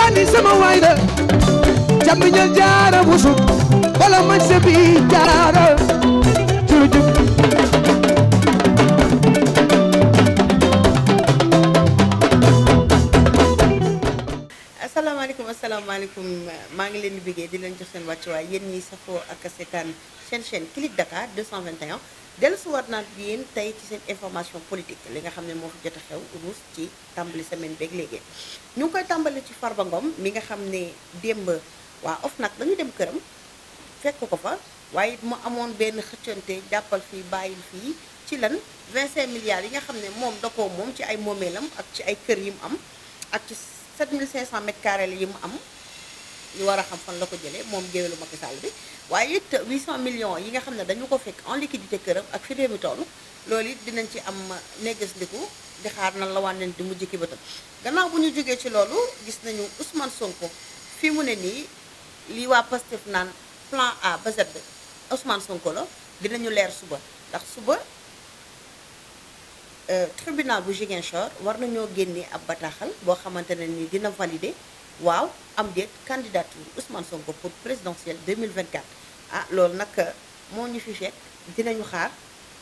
daani sama waay la jàmm a jaara busuk wala man se bi jaara asalaamaaleykum maa ngi leen di bëggee di leen jox seen wàccuwaay nii ñi safoo ak seetaan seen chaîne Click Dakar 221 dellu si waat naa yéen tey ci seen information politique li nga xam ne moo fi jot a xew ruus tàmbali semaine beeg léegi ñu ngi koy ci Farba mi nga xam ne démb waa nag lañu dem këram fekk ko fa waaye mu amoon benn xëccante jàppal fii bàyyil fii ci lan vingt 25 milliards yi nga xam ne moom da koo moom ci ay moomeelam ak ci ay kër yi mu am ak ci 7500 mètres carrés la yi mu am ñu war a xam fan la ko jëlee moom géwélu Macky Sall bi waaye it cent millions yi nga xam ne dañu ko fekk en liquidité këram ak fi réew mi toll loolu it dinañ ci am néeges ndiku di xaar nan la wànneen di mujj ki bëtam gannaaw bu ñu jógee ci loolu gis nañu Ousmane Sonko fi mu ne nii lii waa Pastef naan plan A ba Z Ousmane Sonko la dinañu leer suba ndax suba Euh, tribunal bu Ziguinchor war nañoo génne ab bataaxal boo xamante ne ni dina valider waaw am déet candidature Ousmane Sonko pour présidentielle 2024 ah loolu nag euh, moo ñu fi fekk dinañu xaar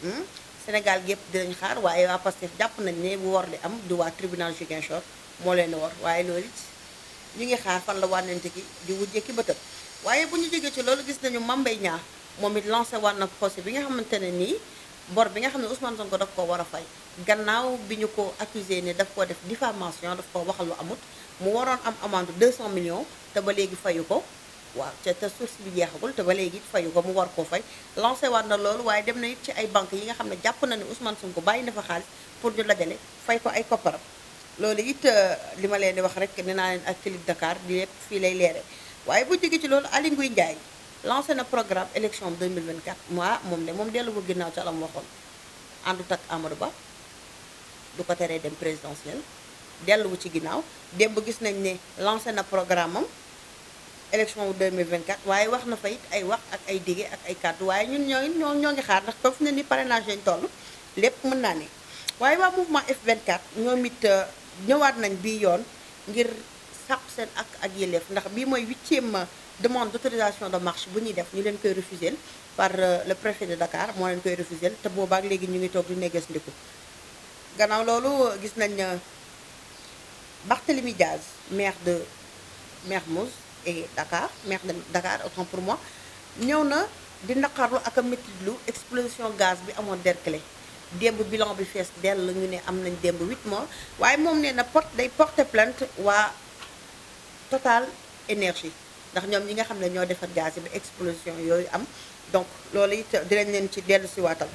hmm? Sénégal gépp dinañu xaar waaye waa Pastef jàpp nañ ne bu war di am du waa tribunal Ziguinchor moo leen war waaye loolu it ñu ngi xaar fan la wànnante ki di wujje ki bëtëb waaye bu ñu jógee ci loolu gis nañu Mame Mbaye moom it lancé waan na procès bi nga xamante ne nii bor bi nga xam ne usman Ousmane ko daf ko war a fay gannaaw bi ñu ko accusé ne daf ko def diffamation daf ko waxal lu amut mu waroon am amande deux 200 millions te ba léegi fayu ko waaw te te source bi jeexagul te ba léegi fayu ko mu war koo fay lancé waat na loolu waaye dem na it ci ay banque yi nga xam ne jàpp na ne Ousmane ko bàyyi na fa xaalis pour ñu dajale fay ko ay kopparam loolu it euh, li ma leen di wax rek nee naa leen ak Click Dakar di yëpp fii lay leere waaye bu ci loolu Aly Ngouille Ndiaye lancé na programme élection 2024 moi moom de moom dellu ko ginnaaw ca la mu waxoon àndut amaro Ba du ko teree dem présidentielle dellu ci ginnaaw démb gis nañ ne lancé na programme am élection wu 2024 waaye wax na fa it ay wax ak ay dige ak ay kàddu waaye ñun ñoo ñoo ngi xaar ndax ko fi ne ni parrainage lañ toll lépp mën naa ne waaye waa mouvement F24 ñoom it euh, ñëwaat nañ bii yoon ngir sàq seen ak ak yelleef ndax bii mooy huitième demande d'autorisation de marche bu ñuy def ñu leen koy refuser par euh, le préfet de Dakar moo leen koy refuser te boobaak léegi ñu ngi toog di négandiku gannaaw loolu gis nañ euh, Barthélémy Diaz maire de Mermoz et Dakar maire de Dakar autant pour moi ñëw na di naqarlu ak a méttitlu explosion gaz bi amoon Derklé démb bilan bi fees dell ñu ne am nañ démb 8 morts waaye moom nee porte day porter waa Total énergie ndax ñoom ñi nga xam ne ñoo defar gaz yi ba explosion yooyu am donc loolu it dinañ leen ci dellu si waatal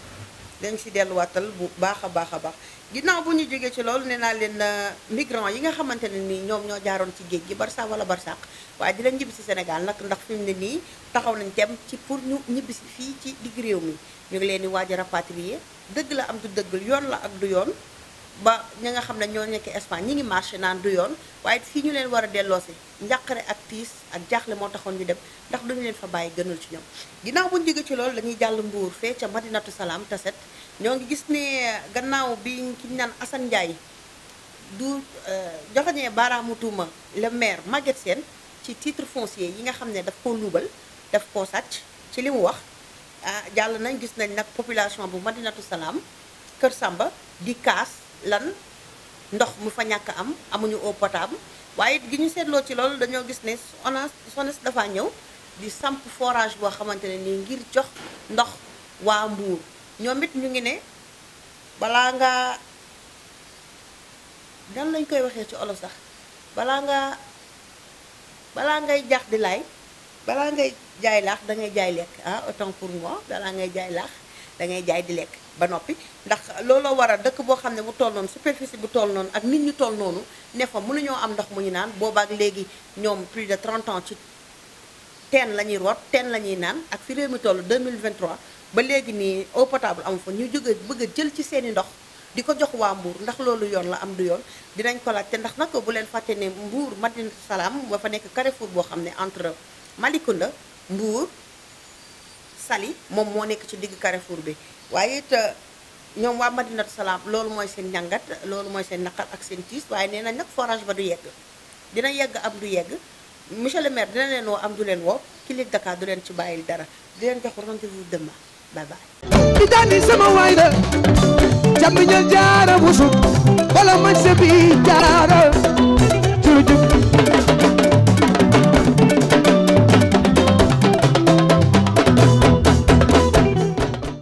dinañ si dellu waatal bu baax a baax a baax ginnaaw bu ñu jógee ci loolu ne naa leen euh, migrant yi nga xamante ne nii ñoom ñoo jaaroon ci géej gi Barça wala Barsaq waaye dinañ ñibbi si Sénégal nag ndax fi mu ne nii taxaw nañ tem ci pour ñu ñibbisi fii ci digg réew mi ñu ngi leen di waaj a rapatrier dëgg la am du dëgg yoon la ak du yoon ba ñi nga xam ne ñoo nekk Espagne ñi ngi marché naan du yoon waaye fii ñu leen war a delloosi njàqare ak tiis ak jaaxle moo taxoon ñu dem ndax duñu leen fa bàyyi gënal ci ñoom ginnaaw buñ jóge ci loolu dañuy jàll mbuur fee ca Madinatu Salaam taset ñoo ngi gis ne gannaaw bi ki naan Assane Ndiaye du euh, joxoñee baaraamu tuuma le maire Maguette seen ci tiitre foncier yi nga xam ne daf koo luubal daf koo sàcc ci limu wax ah jàll nañ gis nañ nag population bu Madinatu Salaam Kër Samba di lan ndox mu fa ñàkk am amuñu eau potable waaye gi ñu seetloo ci loolu dañoo gis ne ONAS SONES dafa ñëw di samp forage boo xamante ne nii ngir jox ndox waa Mbour ñoom it ñu ngi ne balaa ngaa dan lañ koy waxee ci olof sax balaa nga balaa ngay jaax di laay balaa ngay jaay laax da ngay jaay lekk ah autant pour balaa ngay jaay laax dangay jaay di lekk ba noppi ndax looloo waral dëkk boo xam ne bu toll noonu superficie bu toll noonu ak nit ñu toll noonu ne fa ñoo am ndox mu ñu naan boobaak léegi ñoom plus de 30 ans ci teen la ñuy root teen la ñuy naan ak fi réew mi toll 2023 ba léegi nii eau potable amu fa ñu jóge bëgg a jël ci seeni ndox di ko jox waa Mbour ndax loolu yoon la am du yoon dinañ ko laajte ndax nag bu leen fàtte ne Mbour Madina Salaam ba fa nekk carrefour boo xam ne entre Malicounda Mbour Saly moom moo nekk ci digg Carrefour bi waaye it euh, ñoom waa Madinatu Salaam loolu mooy seen njàngat loolu mooy seen naqar ak seen tiis waaye nee nañ nag forage ba du yegg dina yegg am du yegg monsieur le maire dina leen woo am du leen woo Click Dakar du leen ci bàyyil dara di leen jox rendez-vous demain bye bye. di daani sama waay la jaara busub wala mañ sa bi